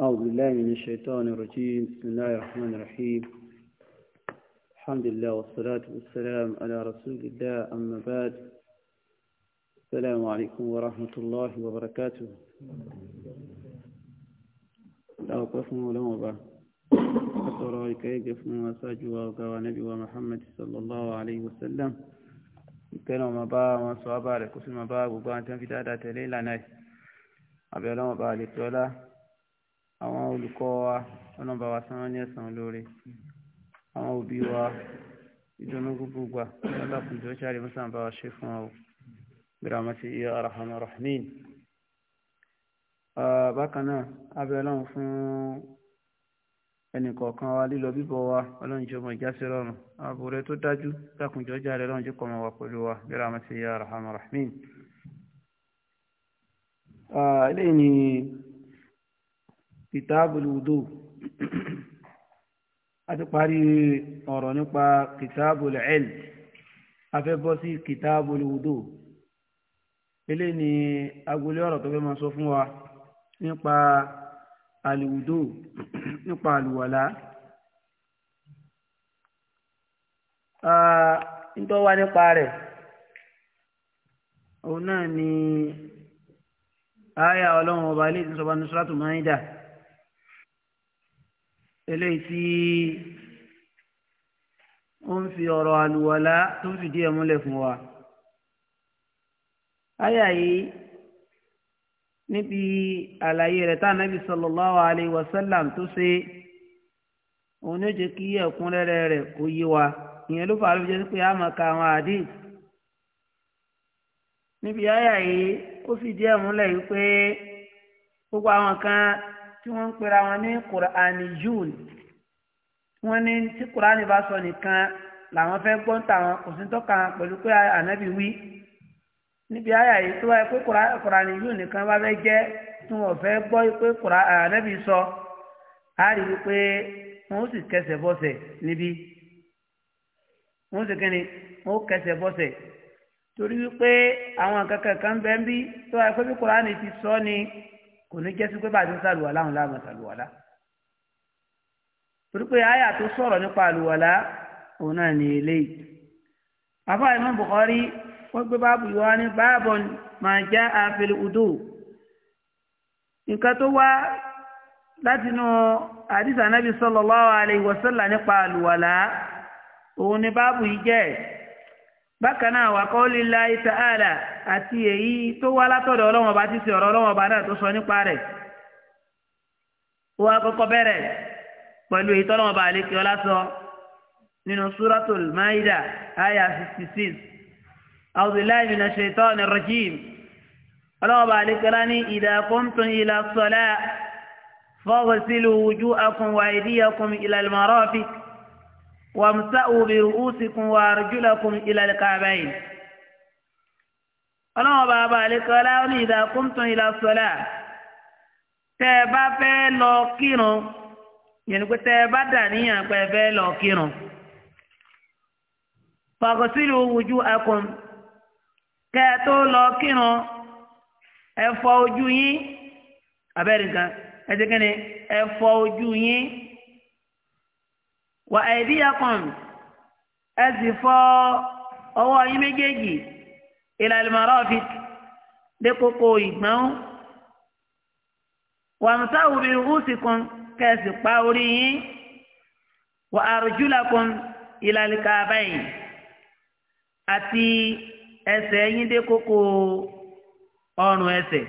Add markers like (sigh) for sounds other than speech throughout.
أعوذ بالله من الشيطان الرجيم بسم الله الرحمن الرحيم الحمد لله والصلاة والسلام على رسول الله أما بعد السلام عليكم ورحمة الله وبركاته لا أقفهم ولا مبا أترى كي من وساج ونبي ومحمد صلى الله عليه وسلم كانوا مبا وصحابة لكسل مبا وبا في دادة ليلة ناي أبي الله مبا لتولا olùkọ́ wa ọlọ́ba wa sanwó ní ẹ̀sán olóore àwọn òbí wa ìdùnnú gbogbo gbà ọlọ́kùnjọ́ sáré mọ́sàn bá wa ṣe fún ọ bíramọ́tì iye arahamu rahimin ah, bákan náà abẹ́ ọlọ́run fún ẹnìkọ̀ọ̀kan wa lílọ bíbọ̀ wa ọlọ́run jẹ́ ọmọ ìjásí rọrùn ààbò rẹ tó dájú dákùnjọ́ jáde ọlọ́run jẹ́ kọ́mọ wa pẹ̀lú wa bíramọ́tì iye arahamu rahimin ah, eléyìí ni kìtàbùl wùdó (clears throat) a ti parí ọ̀rọ̀ nípa kìtàbùl ẹ̀l a fẹ́ bọ́ sí kìtàbùl wùdó ilé ni agolé ọ̀rọ̀ tó fẹ́ máa sọ fún wa nípa àlùwùdó (clears throat) nípa àlùwàlá nítorí wá nípa rẹ̀ òun náà ni aya ọlọ́run ọba ilé ìtúnṣọba nusratu maida eléyìí tí ó ń fi ọ̀rọ̀ àlùwàlá tó ń fìdí ẹ̀ múlẹ̀ fún wa. Àyà yìí níbi àlàyé rẹ̀ tá ànábì sallallahu alayhi wa sallam tó ṣe òun ní ó jẹ́ kí ẹ̀kúnrẹ́rẹ́ rẹ̀ kó yé wa ìyẹn ló fà á ló jẹ́ pé a máa àwọn àdìs. níbi àyà yìí ó fìdí ẹ̀ múlẹ̀ wípé gbogbo àwọn kan tí wọ́n ń pera wọn ní kùránì yún wọ́n ní tí kùránì bá sọ nìkan làwọn fẹ́ gbọ́n tàwọn kò sí tọ́ka pẹ̀lú pé ànábì wí níbi àyà yìí tó wáyé pé kùránì yún nìkan bá fẹ́ jẹ́ tí wọ́n fẹ́ gbọ́ pé ànábì sọ á rí i pé wọ́n sì kẹsẹ̀ bọ́sẹ̀ níbí wọ́n sì kíni wọ́n kẹsẹ̀ bọ́sẹ̀ torí wípé àwọn kankan kan bẹ́ẹ̀ bí tó wáyé pé kùránì ti sọ ni kò ní jẹ́ sí pé bàtí ń sàlùwàlá òun láàmú sàlùwàlá torí pé àyà tó sọ̀rọ̀ nípa àlùwàlá òun náà ní eléyìí àfọ àìmọ́ Bukhari wọ́n gbé báàbù yìí wá ní báàbọ̀ máa já àfẹlẹ̀ odò nǹkan tó wá láti inú àdìsá nábì sallallahu alaihi wasallam nípa òun ní báàbù yìí jẹ́ ẹ̀ bákan náà wà kọ́ọ́lì láì tààlà àti èyí tó wá látọ̀dọ̀ ọlọ́wọ́n bá ti ṣe ọ̀rọ̀ ọlọ́wọ́n bá náà tó sọ nípa rẹ̀ wọ́n akọ́kọ́ bẹ̀rẹ̀ pẹ̀lú èyí tọ́lọ́wọ́n bá àlékè ọlá sọ nínú súrọ́tòl máìdà àyà sixty six àwùjọ́láì nínú ṣètò ní rajim ọlọ́wọ́n bá àlékè ọlá ní ìdá kóńtùn ìlà sọlá fọ́ọ̀gọ́sílù akùn wà wamsa'u bi ru'usikum wa arjulakum ila al-ka'bayn. ọlọ́wọ́n bàbá àlekọ́ láwọn ní idha qumtum ila as-salah tẹ́ ẹ bá fẹ́ lọ kírun yẹnni pé tẹ́ ẹ bá dà níyàn pé ẹ fẹ́ lọ kírun. faghsilu wujuhakum kẹ́ ẹ tó lọ kírun ẹ fọ ojú yín abẹ́rẹ́ nǹkan ẹ ti kẹ́ni ẹ fọ ojú yín wà aydiyakum ẹ sì fọ ọwọ́ yín méjèèjì ila al-marafiq dé kókó ìgbọ́n wàmùsáwù bí rúùsìkùn kẹsì pa orí yín wà arjulakum ila al-ka'bayn àti ẹsẹ̀ yín dé kókó ọrùn ẹsẹ̀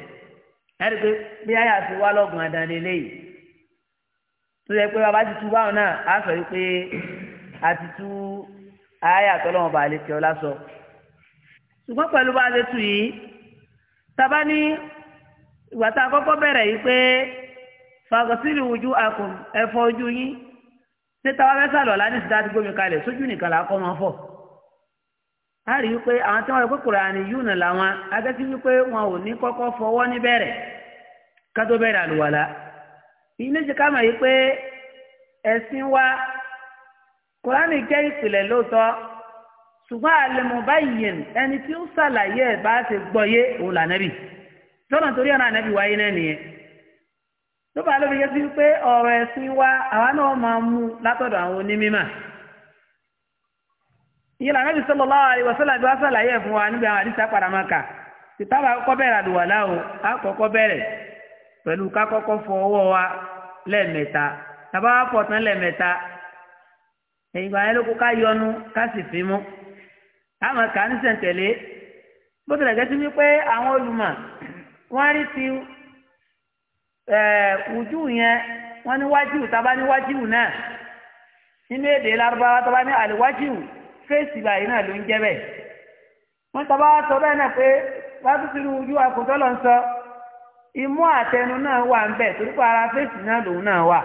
ẹ̀rí pé bí àyà sí wà lọ́gùn àdáni léyìí tó yẹ pé bàbá ti tú báwọn náà á sọ yìí pé a ti tú àyà tọ́lọ́wọ́n bá lè tẹ ọ lásọ. ṣùgbọ́n pẹ̀lú bá a ṣe tù yìí tábà ní ìgbà tá a kọ́kọ́ bẹ̀rẹ̀ yìí pé fagosílì ojú akùn ẹ̀fọ́ ojú yín ṣé táwa fẹ́ sàlọ̀ láti ṣe láti gbómi kalẹ̀ sójú nìkan là á kọ́ máa fọ̀. a rí i pé àwọn tí wọ́n rẹ̀ pé Kùránì yìí nà làwọn agẹ́sí wọn ò ní kọ́kọ́ fọwọ́ níbẹ̀rẹ̀ ká bẹ̀rẹ̀ àlùwàlà ilé jẹ ká mọ̀ yìí pé ẹ̀sìn wa kùránì jẹ́ ìpìlẹ̀ lóòótọ́ ṣùgbọ́n al-mubayyin ẹni tí ó ṣàlàyé bá ti gbọ́ yé òun lànàbì tọ́nà torí ọ̀nà wáyé náà nìyẹn bá lóbi sí pé wa àwa náà máa mú látọ̀dọ̀ àwọn onímímà ìyẹn lànàbì sallallahu alaihi wasallam bí wọ́n ṣàlàyé ẹ̀ fún wa níbi àwọn o pẹ̀lú ká kọ́kọ́ fọ ọwọ́ wa lẹ́ẹ̀mẹ́ta tàbá wà pọ̀ tán lẹ́ẹ̀mẹ́ta ìgbà yẹn ló kó ká yọnu ká sì fi mú àwọn kà ní sẹ̀ǹtẹ̀lé bó tilẹ̀ jẹ́ sí mi pé àwọn olùmọ̀ wọ́n rí ti ojú yẹn wọ́n ní wájíwù tàbá ní wájíwù náà nínú èdè lárúbáwá tàbá ní àlèwájíwù fèsì báyìí náà ló ń jẹ́ bẹ́ẹ̀ wọ́n tàbá sọ bẹ́ẹ̀ náà pé wọ́n tún ti àkùtọ́ lọ́n imú àtẹnu náà wà ń bẹ̀ torí pé ara fèsì náà lòun náà wà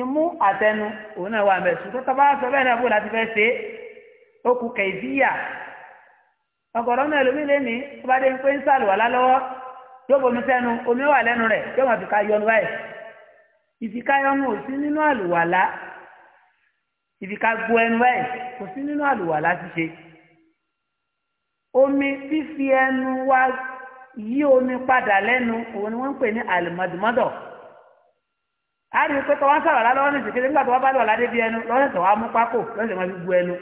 imú àtẹnu òun náà wà ń bẹ̀ ṣùgbọ́n tá a bá sọ bẹ́ẹ̀ náà bó láti fẹ́ ṣe é ó kù kẹ̀síyà ọ̀gọ̀rọ̀ náà lómi lé ní tó bá dé ń pé ń sàlùwàlá lọ́wọ́ yóò bomi sẹ́nu omi wà lẹ́nu rẹ̀ yóò máa fi ká yọnu báyìí ìfikáyọnu ò sí nínú àlùwàlá ìfikagbo ẹnu ẹ kò sí nínú àlùwàlá ṣíṣe omi fífi ẹnu wa yí omi padà lẹ́nu òun ni wọ́n ń pè ní àlùmọ̀dùmọ́dọ̀ a rí i pé tọ́wọ́n sọ̀rọ̀ lálẹ́ wọ́n ní ìsìnkú nígbà tó wọ́n bá lọ ládé bí ẹnu lọ́sẹ̀ tó wọ́n mú pákó lọ́sẹ̀ máa fi bu ẹnu.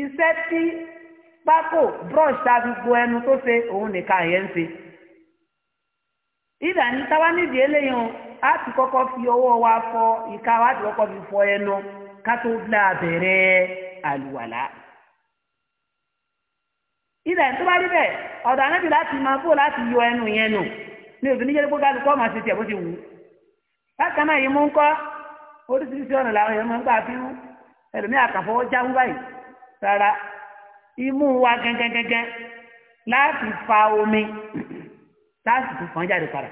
iṣẹ́ tí pákó brush tá a fi bu ẹnu tó ṣe òun nìkan yẹn ń ṣe. ìdá ní táwa nídìí eléyìí o a ti kọ́kọ́ fi ọwọ́ wa fọ ìka wa ti kọ́kọ́ fi fọ ẹnu ká tó bí a bẹ̀rẹ̀ àlùwàlá ilẹ̀ tó bá rí bẹ́ẹ̀ ọ̀dọ̀ anábì láti máa bó láti yọ ẹnu yẹn nù ní òbí níjẹ́ gbogbo alùpùpù máa ṣe tiẹ̀ bó ti wù. bákan náà yìí mú ń kọ́ oríṣiríṣi ọ̀nà làwọn èèyàn máa ń gbà fi ń ẹlòmíì àkàfọwọ́ jáwú báyìí rárá imú wa gẹ́gẹ́gẹ́gẹ́ láti fa omi láti tún fọ́n jáde padà.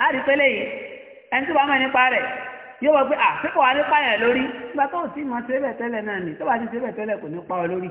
láti pélé yìí ẹni tó bá mọ̀ nípa rẹ̀ yóò wọ pé àfikún wa ní pààyàn lórí nígbà tó ò tí ì mọ̀ ṣe é bẹ̀ tẹ́lẹ̀ náà nì tó bá ti ṣe é bẹ̀ tẹ́lẹ̀ kò ní pa ọ lórí.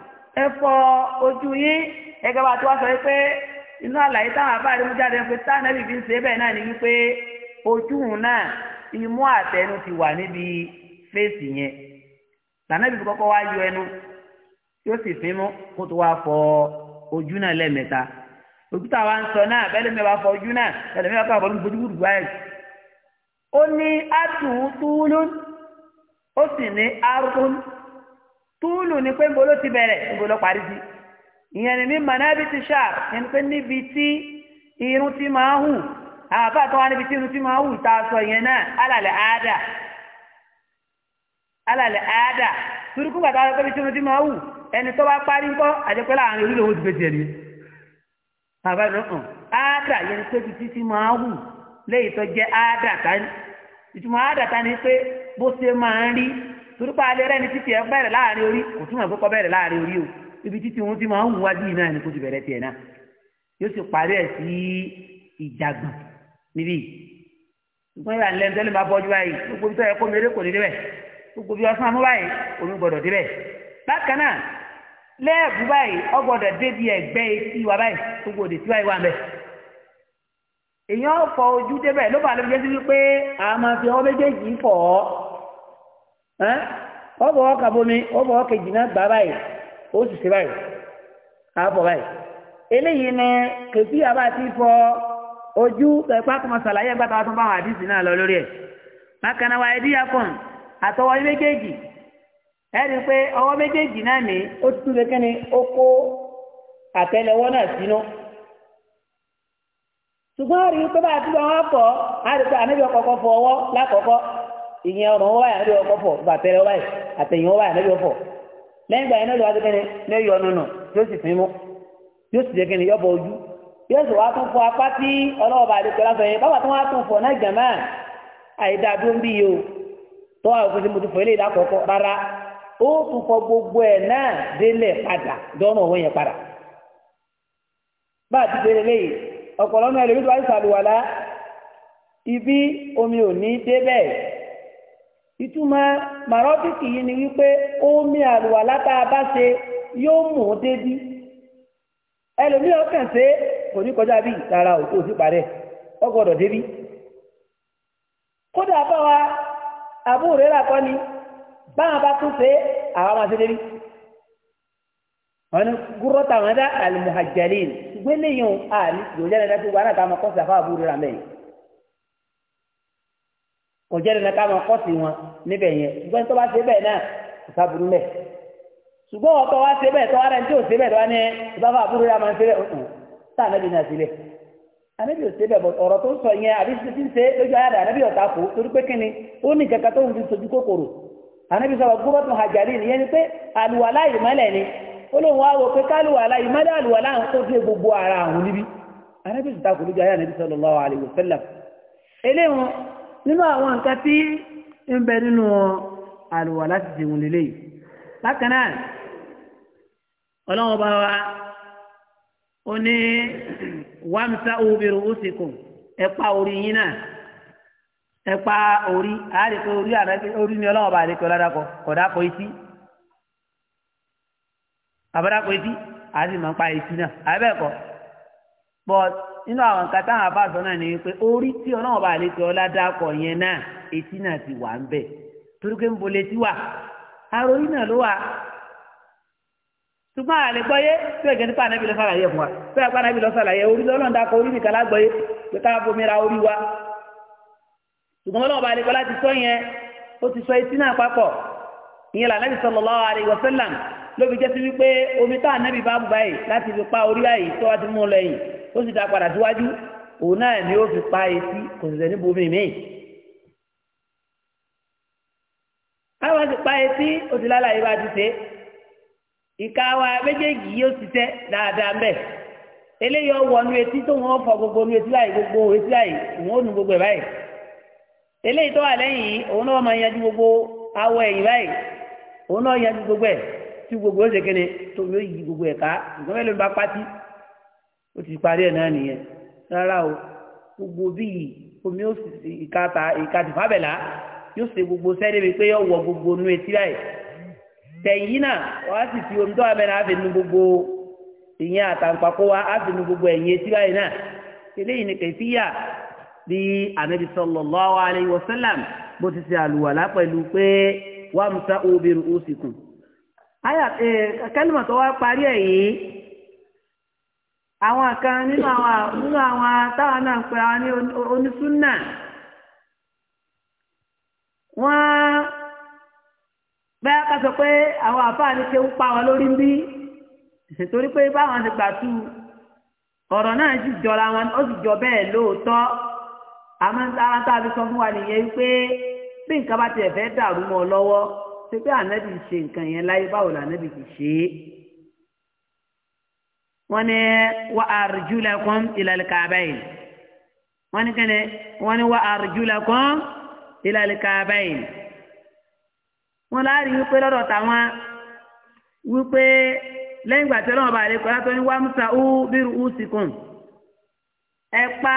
ẹ fọ ojú yín ẹgbẹ́ bá ti wá sọ yìí pé inú àlàyé táwọn abáàrí mú jáde pé táwọn ẹbí fi ń ṣe bẹ́ẹ̀ náà ni wípé ojú náà imú àtẹnu ti wà níbi fèsì yẹn lànàbí fi kọ́kọ́ wá yọ ẹnu yóò sì fi mú kó tó wá fọ ojú náà lẹ́ẹ̀mẹ́ta ojú táwa ń sọ náà bẹ́ẹ̀ lẹ́mẹ̀ẹ́ bá fọ ojú náà bẹ́ẹ̀ lẹ́mẹ̀ẹ́ bá fọ ojú gbúdúgbùdù báyìí ó ní àtúntúlún ó sì ní àrùn túùlù ni pé nbolo ti bẹ̀rẹ̀ nbolo parí sí ìyẹn ni mímọ náà bí ti ṣáà ìyẹn ni pé níbi tí irun ti máa hù àbá tó wá níbi tí irun ti máa hù tá a sọ ìyẹn náà alàlẹ̀ àádà alàlẹ̀ àádà turukú gbàtà wọ́n pé bí tí irun ti máa hù ẹni tó bá parí ńkọ́ àjẹpẹ́ láàrin orí lòun ti ni bàbá rẹ̀ hàn àádà ìyẹn ni pé bí tí ti máa hù léyìí tó jẹ́ àádà tán ìtumọ̀ àádà tán pé bó ṣe máa ń rí torípa alẹ́ rẹ ni títì ẹ bẹ̀rẹ̀ láàrin orí kò túmọ̀ pé kọ́ bẹ̀rẹ̀ láàrin orí o ibi títì wọn ti máa ń wájú yìí náà ni kò ti bẹ̀rẹ̀ tiẹ̀ náà yóò sì parí ẹ̀ sí ìjàgbọ̀n níbí ṣùgbọ́n ìwà ńlẹ́ ńtẹ́lẹ́ bá bọ́jú báyìí gbogbo ibi tó yẹ kó mi eré kò ní débẹ̀ gbogbo ibi ọ̀sán amú báyìí omi gbọ́dọ̀ débẹ̀ bákan náà lẹ́ẹ̀bù báyìí ọgbọ́dọ̀ débi ẹ̀gbẹ́ etí wa báyìí gbogbo òdè tí wáyé wà mẹ́ èèyàn fọ ojú débẹ̀ ló bá lóbi jẹ́ sí wípé àwọn ọbọ̀ ọkà bomi ọbọ̀ ọkà ìjìnà gbà báyìí ó sì ṣe báyìí àbọ̀ báyìí eléyìí ni kèfí àbá ti fọ ojú ẹ̀pá kọmọ sàlàyé gbàtà wà tó bá wà àdìsí náà lọ lórí ẹ̀ bákan wa ẹbí akọ̀n àtọwọ́ méjèèjì ẹ̀rí pé ọwọ́ méjèèjì náà ní ó tún lè kẹ́ni ó kó àtẹlẹwọ́ náà sínú ṣùgbọ́n rí tó bá àtúbọ̀ wọn pọ̀ á rí pé àníbi ọkọ̀ọ̀kọ̀ fọ ọwọ́ lákọ̀ọ́kọ́ ìyẹn ọ̀rọ̀ wọn wáyà níbi ọkọ̀ fọ̀ bàtẹ́rẹ́ wáyà àtẹ̀yìn wọn wáyà níbi ọkọ̀ lẹ́yìn ìgbà yẹn náà lọ́wọ́ ní yóò sì fín mú yóò sì jẹ́kẹ́ni ojú yóò sì wá tún fọ apá tí ọlọ́wọ́ bá báwa tó wá tún fọ náà jàmá ń bí yìí o tó wà mo fọ gbogbo ẹ̀ náà délẹ̀ padà dọ́nà yẹn padà bá a ti bèrè léyìí ibi omi ò ìtumọ̀ màrọ́bìkì yìí ni wípé o mi tá a bá ṣe yóò mú un débi ẹlòmíì ọkàn ṣe kò ní kọjá bí ìtara òkú òsì parẹ́ ọ gbọ́dọ̀ wa àbúrò ni báwọn bá tún ṣe àwọn máa ṣe débi wọn ni gúrọ́tà wọn dá àlùmọ̀hàjẹ́lì gbélé yìí ò àlùjọ́jẹ́ rẹ̀ dájú àfáà àbúrò rẹ̀ kò jẹ́ dandan ká máa kọ́sì wọn níbẹ̀ yẹn ṣùgbọ́n tó bá ṣe bẹ́ẹ̀ náà kò sábúrú mẹ́ ṣùgbọ́n ọ̀tọ̀ wá ṣe bẹ́ẹ̀ tó wá rẹ̀ tí ò ṣe bẹ́ẹ̀ tó wá ní ìbáfà àbúrò rẹ̀ máa ń ṣe bẹ́ẹ̀ òkú tá ànábì náà sílẹ̀ ànábì ò ṣe bẹ́ẹ̀ bọ̀ ọ̀rọ̀ tó ń sọ yẹn àbí ti ń ṣe lójú ayáda ànábì ọ̀tá kò torí pé kíni ó ní kankan tó ń fi sojú kòkòrò ànábì sọ̀rọ̀ gúrọ́tù hajjari nìyẹn ni pé àlùwàlá ìmọ́lẹ̀ ni ó lóun wá wò pé kálùwàlá ìmọ́lẹ̀ àlùwàlá ń kó dé gbogbo ara àwọn níbi ànábì sọ̀tà kò lójú ayé ànábì sallallahu alaihi wasallam eléyìí nínú àwọn nǹkan tí ń bẹ nínú àlùwà láti jẹun lélẹ̀ yìí bákan bá wa ó ní wàmsa òbèrè òsìkùn ẹ pa orí yín náà ẹ orí àárẹ̀ orí àárẹ̀ orí ni ọlọ́wọ́n bá àárẹ̀ pé ọlọ́dà etí etí náà nínú àwọn nǹkan táwọn afáàsọ náà ni wípé orí tí ọlọ́run bá lè tẹ ọlá dákọ̀ yẹn náà etí náà ti wà ń bẹ̀ torí pé ń bo létí wà àròyìn náà ló wà ṣùgbọ́n àlè gbọ́yé tí ẹ̀jẹ̀ nípa ànábì lọ sàlàyé fún wa tí ẹ̀jẹ̀ ànábì lọ sàlàyé orí lọ́lọ́run dákọ̀ orí nìkan lágbọ́yé pé ká bomira orí wa ṣùgbọ́n ọlọ́run bá lè kọ́ láti sọ yẹn ó ti sọ etí náà papọ̀ ìyẹn lànàbì sallallahu alaihi wasallam ló fi jẹ́ wípé omi tá ànábì bá bù báyìí láti fi pa orí báyìí tó wá ti mú lọ yìí ó sì dá padà síwájú òun náà ni ó fi pa etí kò sì sẹ́ni bomi mi. àwọn ti pa etí ó ti lálàyé bá ti ṣe ìka wa méjèèjì yóò ṣiṣẹ́ dáadáa mbẹ́ eléyìí ọwọ́ nu etí tó wọ́n fọ gbogbo nu etí láyé gbogbo etí láyé wọ́n ó nu gbogbo ẹ̀ báyìí eléyìí tó wà lẹ́yìn òun náà máa yanjú gbogbo awọ ẹ̀yìn báyìí òun náà yanjú gbogbo ẹ̀ tí gbogbo ó ṣe kéne tó yóò yí gbogbo ẹ̀ ká ìgbọ́n mẹ́lẹ́ ló bá pátí ó ti parí ẹ̀ náà nìyẹn rárá o gbogbo bíi omi ó sì ìkàtà ìkàtìfábẹ̀lá yóò ṣe gbogbo sẹ́ẹ̀dẹ̀ bíi pé yóò wọ gbogbo inú etí báyìí tẹ̀yìn náà wàá sì fi omi tó wà gbogbo ìyẹn àtàǹpàkó wa àfi nu gbogbo ẹ̀yìn etí báyìí náà eléyìí ni kẹ̀síyà bí anabi sallallahu alayhi wa sallam bó ti ṣe àlùwàlá pẹ̀lú pé wàmùsà obìnrin ó sì kù. àwọn kan nínú àwọn nínú àwọn táwọn náà ń ní wọ́n bẹ́ẹ̀ ká pé àwọn àfáà ní pa wọn lórí ń bí torí pé báwọn ti ọ̀rọ̀ náà sì jọra wọn ó sì jọ bẹ́ẹ̀ lóòótọ́ àmọ́ ara tá a fi sọ fún wa nìyẹn pé bí nǹkan bá tiẹ̀ fẹ́ dàrú mọ́ ọ lọ́wọ́ ṣé pé ànábì ṣe nǹkan yẹn láyé wọ́n ní wà arjulakum ilal ka'bayn wọ́n ní kẹ́ni wọ́n ní wà arjulakum ilal ka'bayn wọ́n láàrin wípé lọ́dọ̀ táwọn wípé lẹ́yìn ìgbà tí ọlọ́run bá lè látọ́ ní wàmúta ó bírú ó ẹ pa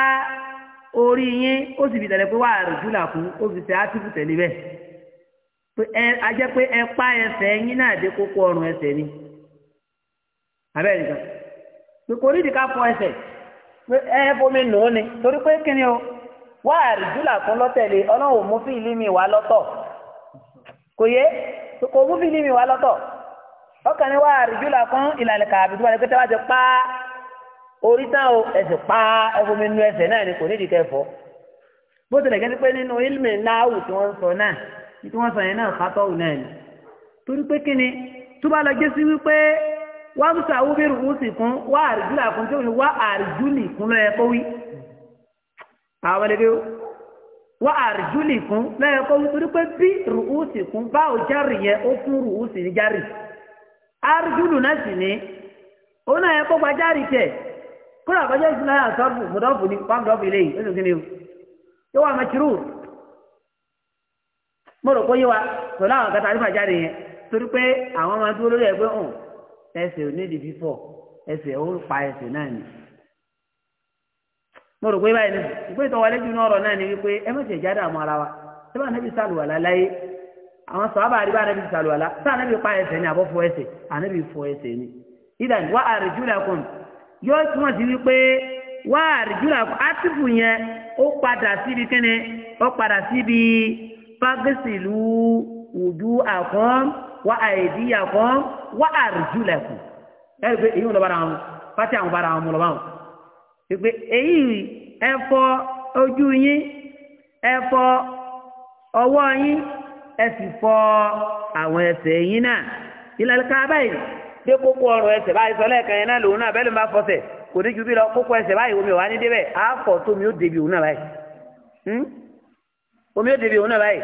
orí yín ó sì fi tẹ̀lé pé wà arjulakum ó fi átìkù tẹ̀lé bẹ́ẹ̀ a jẹ́ pé ẹ pa ẹsẹ̀ yín náà dé kókó ọrùn ẹsẹ̀ ni abẹ́rẹ́ nìkan kò rí ìdíkà fún ẹsẹ̀ pé ẹ bomi nù ú ni torí pé kí ni o wá àrídúlà fún lọ́tẹ̀lé ọlọ́run mú fíìlì mi wá lọ́tọ̀ kò yé kò mú fíìlì mi wá lọ́tọ̀ ọkàn ni wá àrídúlà fún ìlànà kàbí tó wà ní pété wá ti pa orí tán o ẹsẹ̀ pa ẹ bomi nù ẹsẹ̀ náà ni kò ní ìdíkà ẹ̀fọ́ bó tilẹ̀ kẹ́ni pé nínú ilmi náàwù tí wọ́n sọ náà tí wọ́n sọ yẹn náà fatọ́wù náà ni torí pé kí ni tó bá lọ jẹ́ sí wípé wá bùsà wúbí rùkúsì kún wá àrìjúlà kún tí ó ní wá àrìjúlì kún lọ́yẹ kó wí. àwọn ẹgbẹ́ wá àrìjúlì kún lọ́yẹ kó wí torí pé bí rùkúsì kún báwo járì yẹn ó fún rùkúsì ní járì. àrìjúlù náà sì ní òun náà yẹ kó gba járì tẹ̀ kúrò àbájá ìsúná yà sọ́ọ̀fù mọ̀dọ́fù ní pàmdọ́fù ilé yìí ó sì kí ni o. yóò wá mẹ́tìrú mo rò pé yé wa ẹsẹ̀ onídìí fífọ̀ ẹsẹ̀ ó pa ẹsẹ̀ náà ni. mo rò pé báyìí ní ìpè ìtọ́wálé jù náà ọ̀rọ̀ náà ni wípé ẹ mọ̀tì ẹ̀já dààmú ara wa ṣé bá anábì sàlùwàlá láyé àwọn sọ̀rọ̀ àríwá anábì sàlùwàlá sá anábì pa ẹsẹ̀ ni àbọ̀ fọ ẹsẹ̀ anábì fọ ẹsẹ̀ ni. ìdàn wá àrìjúlẹ̀kùn yóò túmọ̀ sí wípé wá àrìjúlẹ̀kùn átìfù yẹn ó padà síbi kíni ó padà síbi fagisilu wudu àkọ́m wá àìdíyà fún wá àrùjúlẹ̀kù ẹ̀rù pé èyí ń lọ bára wọn pátí àwọn bára wọn mọ̀ lọ́wọ́ pé èyí ẹ̀fọ́ ojú yín ẹ̀fọ́ ọwọ́ yín ẹ sì fọ àwọn ẹsẹ̀ yín náà ìlànà kan báyìí dé kókó ọrùn ẹsẹ̀ báyìí sọ lẹ́ẹ̀kan yẹn náà lòun náà bẹ́ẹ̀ ló ń bá fọsẹ̀ kò ní ju bí lọ kókó ẹsẹ̀ báyìí omi ò wá ní débẹ̀ àáfọ̀ tómi ó débi òun náà báyìí hmm? omi ó débi òun náà báyìí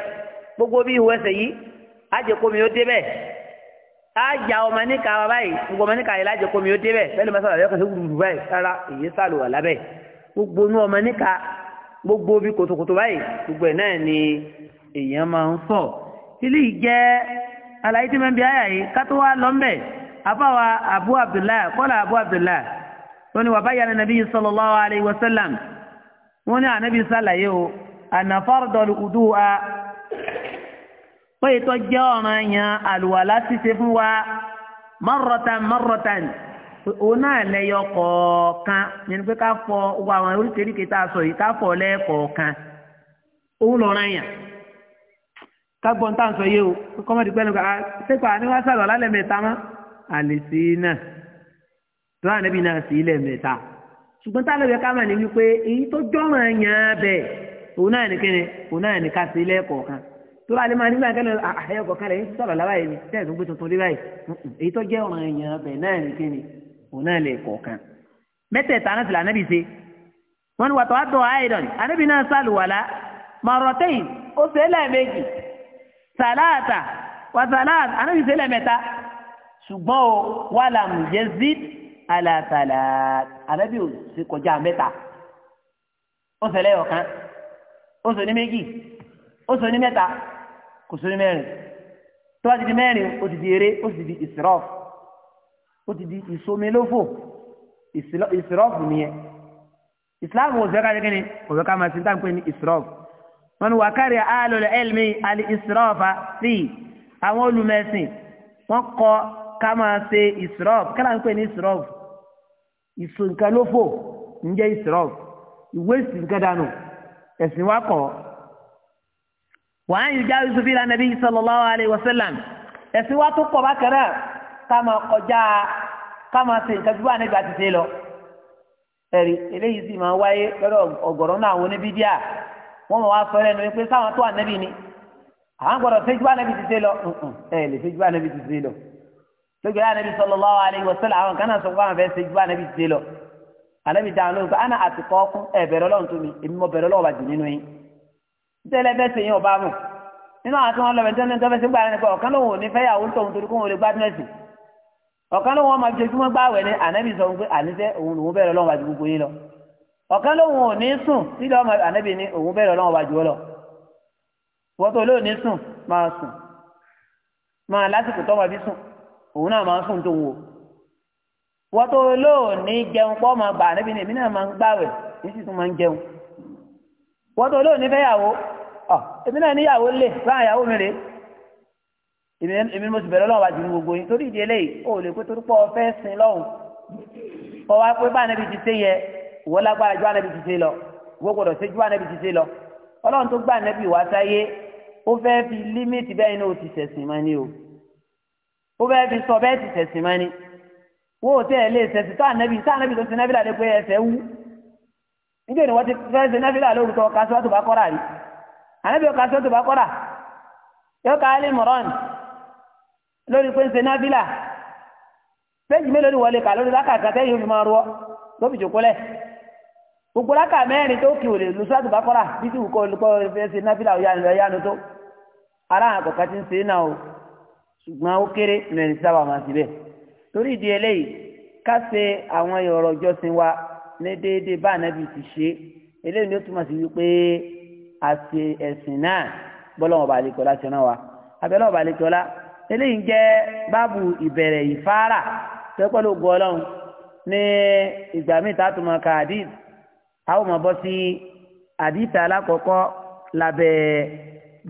gbogbo bí ihò ẹsẹ̀ yìí àjẹkómi ó débẹ̀ àjà ọmọ níka wa báyìí gbogbo ọmọ níka yìí lájẹkómi ó débẹ̀ pẹ̀lú mọ́sálà yọkọ̀ sí gbùgbù báyìí rárá èyí sálò wà lábẹ́ gbogbo inú ọmọ níka gbogbo bí kòtòkòtò báyìí gbogbo ẹ̀ náà ni èèyàn máa ń fọ̀ eléyìí jẹ́ àlàyé tí mẹ́bí àyà yìí kátó wá lọ́mbẹ̀ àbáwa abu abdullahi kọ́lá abu abdullahi wọ́n ní wàbáyà ní nàbí sallallahu alayhi wa sallam wọ́n ní ànábì sálàyé o ànàfọ́rọ̀dọ̀lù ùdú a pé ètò jẹ́ ọ̀ràn yẹn àlùwàlá ṣíṣe fún wa marratan marratan òun náà lẹ́yọ kọ̀ọ̀kan yẹn pé ká fọ wọ àwọn oríṣiríṣi tá a sọ yìí ká fọ lẹ́ẹ̀kọ̀ọ̀kan òun lọ́ràn yẹn kágbọ́n tá à sọ yìí o kọ́mọ́dé pẹ́ẹ́lú ká sẹ́pà ni wọ́n sàlọ̀ lálẹ́ mẹ́ta mọ́ àlè sí náà tó wà níbi náà sí ilẹ̀ mẹ́ta ṣùgbọ́n tá a lè ká mà ní wípé èyí tó jọ́ràn yẹn bẹ́ẹ̀ òun náà ní kíni òun náà ní ká sí ilẹ̀ kọ̀ọ̀kan tó bá lè máa nígbà kẹ́lẹ́ àyẹ̀ ah, ah, ọkọ̀ kalẹ̀ ń sọ̀rọ̀ lábàáyé ni tẹ́ ẹ̀ tó gbé tuntun dé báyìí èyí tó jẹ́ ọ̀ràn èèyàn bẹ̀ náà ní kíni òun náà lè kọ̀ọ̀kan mẹ́tẹ̀ẹ̀ta náà sì là nábì ṣe wọ́n ní wàtò àtọ̀ àìdọ̀n ànábì náà sàlùwàlá mọ̀rọ̀tẹ́yìn ó ṣe lẹ́ẹ̀mejì sàláàtà wà sàláàtà ànábì ṣe lẹ́ẹ̀mẹ́ta ṣùgbọ́n o wà làm yẹzid alàtàlà ànábì ò ṣe kọjá mẹ́ta ó ṣe lẹ́yọ̀kan ó ṣe ní méjì ó ṣe ní mẹ́ta kò sí mẹ́rin tó bá ti di mẹ́rin ó ti di eré ó ti di ìsirọ́f ó ti di ìsomilófò ìsirọ́f nìyẹn islam ò fẹ́ ká ṣe kí ni kò fẹ́ ká máa ṣe táǹpé ní ìsirọ́f wọn wà kárí àlọ́lẹ̀ ẹ̀lmí àlẹ́ ìsirọ́f sí àwọn olùmẹ̀sìn wọn kọ ká máa ṣe ìsirọ́f kí láǹ ní ìsirọ́f ìsòǹkàlófò ń jẹ́ ìsirọ́f ìwé ìsìnkẹ́dánù ẹ̀sìn wa kọ̀ ọ́. wàá yìí nàbí wa sallam ẹ̀sìn tó pọ̀ bákẹ́rẹ́ ká máa kọjá ká máa ṣe nǹkan bí lọ. ẹ̀rí eléyìí sì máa wáyé lọ́dọ̀ ọ̀gọ̀rọ̀ náà wọ́n wá pé sáwọn tó ànábì ni àwọn gbọ́dọ̀ ṣe ànábì ti lọ ẹ̀ lè ṣe ànábì ti lọ. lókè ànábì sallallahu alayhi wa sallam àwọn kan náà sọ fún àwọn fẹ́ ṣe ju ànábì ti ṣe tẹ́lẹ̀ fẹ́ sèyìn ọba mọ̀ nínú àwọn tí wọ́n lọ bẹ̀tẹ́ lẹ́nu tó fẹ́ sí gbà nípa ọ̀kan lòun ò ní fẹ́ yàwó tó ń torí kóun ò lè gbádùn ẹ̀sìn ọ̀kan lòun ọmọ abijọ́ tí wọ́n gbà wẹ̀ ní ànábì sọ pé àníṣe òun lòun bẹ̀rẹ̀ lọ́wọ́ àti gbogbo yín lọ ọ̀kan lòun ò ní sùn sílẹ̀ ọmọ ànábì ní òun bẹ̀rẹ̀ lọ́wọ́ àti wọ́lọ̀ wọ́n tó lóò ní sùn máa sùn máa lásìkò tọ́mọ bí sùn òun náà máa sùn tó wò wọ́n tó lóò ní jẹun pọ́ máa gbà ànábì ní wọ́n tó lóò nífẹ́ yàwó ọ̀ èmi náà níyàwó lè láàrin yàwó mi rè èmi mo sì bẹ̀rẹ̀ lọ́wọ́ àti gbogbo yìí torí ìdí eléyìí ó lè kó torí pọ̀ fẹ́ sin lọ́hùn kọ́ wá pé bá anabi ti ṣe yẹ ìwọ lágbára ju anabi ti ṣe lọ ìwọ gbọdọ̀ ṣe ju anabi ti ṣe lọ ọlọ́run tó gbà anabi wá sáyé ó fẹ́ fi límìtì bẹ́ẹ̀ ni ó ti ṣẹ̀sìn mọ́ ni o ó fẹ́ fi sọ bẹ́ẹ̀ ti ṣẹ̀sìn mọ́ ni wọ́n ò tẹ́ ẹ̀ lé ṣẹ̀sìn tó anabi tó anabi tó níjẹ́ ni wọ́n ti fẹ́ ṣe náfìlà lóru tó ọkà sọ́tò bá kọ́ra rí ànábì ọkà sọ́tò bá kọ́ra yóò ká alẹ́ mọ̀rán lórí pé ń ṣe náfìlà péjì mélòó ni wọlé kà lórí lákàtà tẹ́yìn máa rọ lóbi jòkólẹ̀ gbogbo lákà mẹ́rin tó kì ò lè lu bá kọ́ra bí fẹ́ ṣe ara ti ń ṣe náà o ní déédéé bá ànábì ti ṣe eléyìí ni ó túmọ̀ sí wípé àti ẹ̀sìn náà bọ́lọ́wọ́n bá lè kọ́lá ṣe náà wa abẹ́lọ́wọ́n bá lè kọ́lá eléyìí ń jẹ́ báàbù ìbẹ̀rẹ̀ ìfárà tẹ́pẹ́lú ògùn ọlọ́run ní ìgbà míì tààtù mọ̀ ká àdìs a ó mọ̀ bọ́ sí àdìs alákọ̀ọ́kọ́ lábẹ́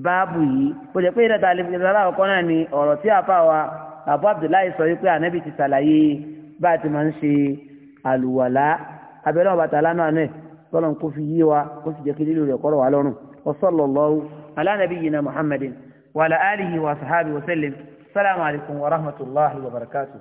báàbù yìí ó jẹ́ pé ìdàtà alákọ̀ọ́kọ́ náà ni ọ̀rọ̀ tí àfa wa àbú Abdullahi sọ wípé ànábì ti ṣàlàyé bá a ti máa ń ṣe àlùwàlá abẹ́rẹ́ ọba tààlà náà náà tọ́lọ̀ kó fi yé wa kó sì jẹ́ kí lílo rẹ̀ kọ́rọ̀ wá lọ́rùn wa sallallahu ala nabiyyina muhammadin wa alihi wa sahabi wa sallim salamu alaykum wa rahmatulahi wa barakatuh.